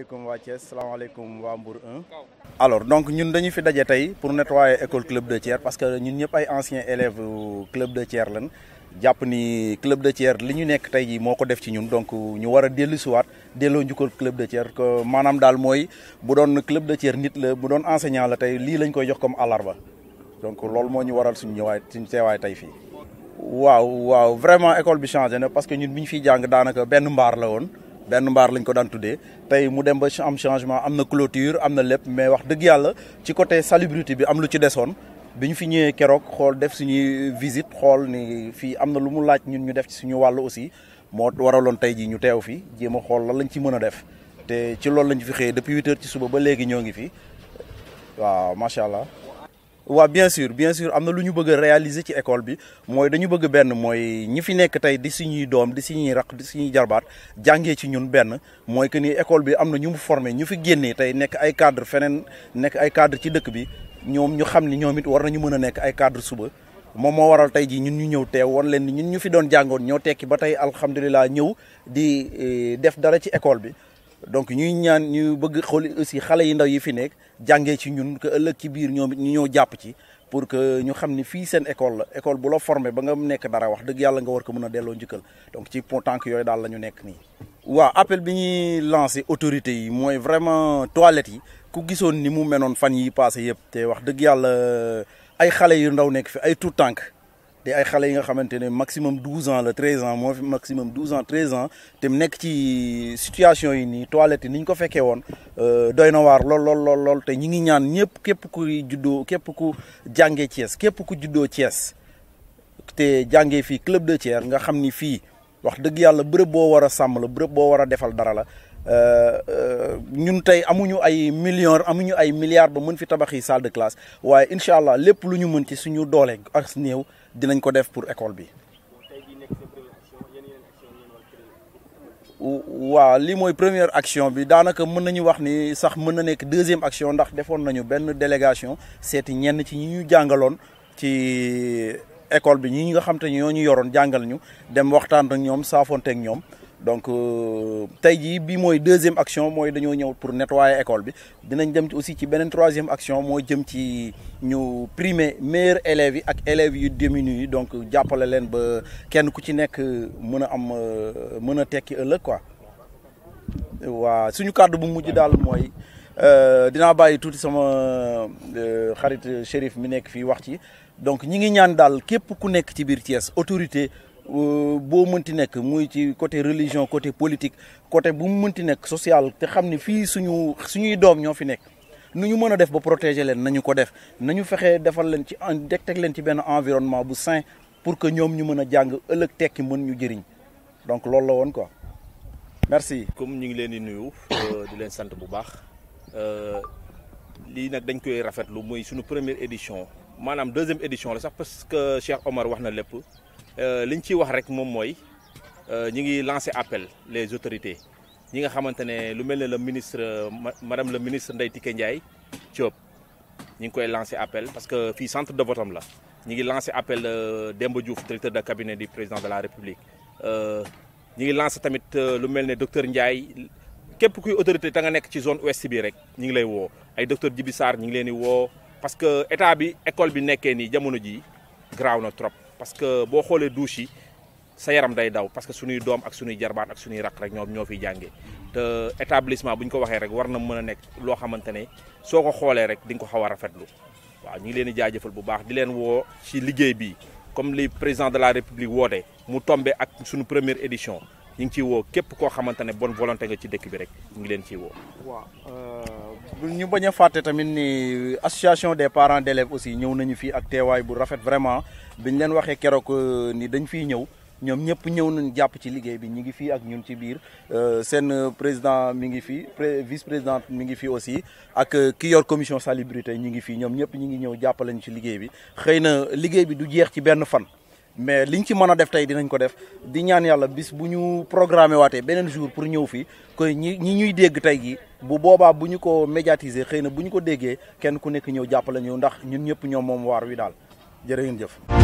salaamaaleykum waa Thiès salaamaaleykum alors donc ñun dañu fi daje tey pour nettoyer école club de Thiers parce que ñun ñëpp ay anciens élèves club de Thiers lan jàpp ni club de Thiers li ñu nekk tey jii moo ko def ci ñun donc ñu war a dellu siwaat delloo njukkal club de Thiers que maanaam daal mooy bu doon club de Thiers nit la bu doon enseignant la tey lii lañ koy jox comme àllarba donc loolu moo ñu waral suñu ñëwaay suñu teewaay tey fii. waaw waaw vraiment école bi changé na parce que ñun bi ñu fiy jàng daanaka benn mbaar la woon. benn mbaar lañ ko daan tuddee tey mu dem ba am changement am na clôture am na lépp mais wax dëgg yàlla ci côté salubrité bi am lu ci desoon bi ñu fi ñëwee keroog xool def suñuy visite xool ni fii am na lu mu laaj ñun ñu def ci suñu wàll aussi moo waraloon tey jii ñu teew fi jéem a xool lan lañ ci mën a def te ci loolu lañ fi xëyee depuis huit ci suba ba léegi ñoo ngi fi waaw macha allah. waaw bien sûr bien sûr am na lu ñu bëgg a ci école bi mooy dañu bëgg benn mooy ñi fi nekk tey di suñuy doom di suñuy raq di suñuy jarbaat jàngee ci ñun benn mooy que ni école bi am na ñu mu formé ñu fi génnee tey nekk ay cadre feneen nekk ay cadre ci dëkk bi ñoom ñu xam ni ñoom it war nañu mën a nekk ay cadre suba moom moo waral tey jii ñun ñu ñëw teew wan leen ni ñun ñu fi doon jàngoon ñoo tekki ba tey alhamdulilah ñëw di eh, def dara ci école bi donc ñuy ñaan ñu bëgg xool aussi xale yi ndaw yi fi nekk jàngee ci ñun que ëllëg ci biir ñoom ñu ñoo jàpp ci pour que ñu xam ni fii seen école la école bu la formé ba nga nekk dara wax dëgg yàlla nga war ko mën a delloo njëkkal donc ci tànk yooyu daal lañu nekk nii. waa appel bi ñuy lancé autorités yi mooy vraiment toilettes yi ku gisoon ni mu menoon fan yi passé yëpp te wax dëgg yàlla ay xale yu ndaw nekk fi ay tout tànk te ay xale yi nga xamante ne maximum 12 ans la 13 ans moo fi maximum 12 ans 13 ans te mu nekk ci situation yi nii toilette yi ni ñu ko fekkee woon euh, doy na waar lool lool lool lool te ñi ngi ñaan ñëpp képp ku juddoo képp ku jàngee Thiès képp ku juddoo Thiès te jàngee fii club de Thiès nga xam ni fii wax dëgg yàlla bërëb boo war a sàmm la bërëb boo war a defal dara la Euh, euh, ñun tey amuñu ay millions amuñu ay milliards ba mën fi tabax yi salle de classe waaye incha allah lépp lu ñu mën ci suñu doole ak néew dinañ ko def pour école bi. waaw lii mooy première action bi daanaka mën nañu wax ni sax mën na nekk deuxième action ndax defoon nañu benn délégation seeti ñenn ci ñi ñu jàngaloon ci école bi ñi nga xam te ñoo ñu yoroon jàngal ñu dem waxtaan ak ñoom saafonteeg ñoom. donc euh, tey jii bi mooy deuxième action mooy dañoo ñëw pour nettoyer école bi dinañ dem aussi ci beneen troisième action moo jëm ci ñu primer meilleurs élèves yi ak élèves yu démunis yi donc jàppale leen ba kenn ku ci nekk mën a am euh, mën a tekki ëllëg quoi waa suñu kàddu bu mujj daal mooy euh, dinaa bàyyi tuuti sama xarit Chérif mu nekk fii wax ci donc ñi ngi ñaan daal képp ku nekk ci biir Thiès autorité Euh, boo mënti nekk muy ci côté religion côté politique côté bu mu mënti nekk social te xam ni fii suñu suñuy doom ñoo fi nekk nu ñu mën a def ba protéger leen nañu ko def nañu fexe defal leen ci teg teg leen ci benn environnement bu sain pour que ñoom ñu mën a jàng ëllëg tekki mën ñu jëriñ donc loolu la woon ko merci. comme ñu ngi leen di nuyu euh, di leen sant bu baax euh, lii nag dañ koy rafetlu muy suñu première édition maanaam deuxième édition la sax parce que Cheikh wax na lépp. Euh, li ñu ciy wax rek moom mooy euh, ñi ngi lancé appel les autorités ñi nga xamante ne lu mel ne le ministre madame le ministre Ndeye Tické Ndiaye Diop ñi ngi koy lancé appel parce que fii centre de vote la ñi ngi lancé appel euh, Demba Diouf directeur de cabinet du président de la République ñi ngi lancé tamit lu mel ne docteur Ndiaye képp kuy autorité ta nga nekk ci zone ouest bi rek ñi ngi lay woo ay docteur Djibi Sarr ñi ngi leen di woo parce que état bi école bi nekkee nii jamono ji graaw na trop parce que boo xoolee du si sa yaram day daw parce que suñuy doom ak suñuy jarbaat ak suñuy raq rek ñoom ñoo fiy jàngee te établissement bu ñu ko waxee rek war na mën a nekk loo xamante ne soo ko xoolee rek di nga ko xaw a rafetlu waaw ñu ngi leen di jaajëfal bu baax di leen woo ci liggéey bi comme li président de la république woote mu tombee ak suñu première édition ñu ngi ciy woo képp koo xamante ne bonne volonté nga ci dëkk bi rek ñu ngi leen ciy woo. waaw euh, ñu bañ a fàtte tamit ni association des parents d'élèves aussi ñëw nañu fii ak bu rafet vraiment biñ leen waxee keroog euh, ni dañ fiy ñëw. ñoom ñëpp ñëw nañ jàpp ci liggéey bi ñi ngi fii ak ñun ci biir euh, seen président mi ngi fii vice président mi ngi fii aussi ak ki yor commission salubrité ñu ngi fii ñoom ñëpp ñu ngi ñëw jàppalañ ci liggéey bi xëy na liggéey bi du jeex ci benn fan mais liñ ci mën a def tey dinañ ko def di ñaan yàlla bis bu ñu programmé waatee beneen jour pour ñëw fi ko ñi ñi ñuy dégg tey gi bu boobaa bu ñu ko médiatiser xëy na bu ñu ko déggee kenn ku nekk ñëw jàppale ñu ndax ñun ñëpp ñoom moom waar wi daal jërë ngeen jëf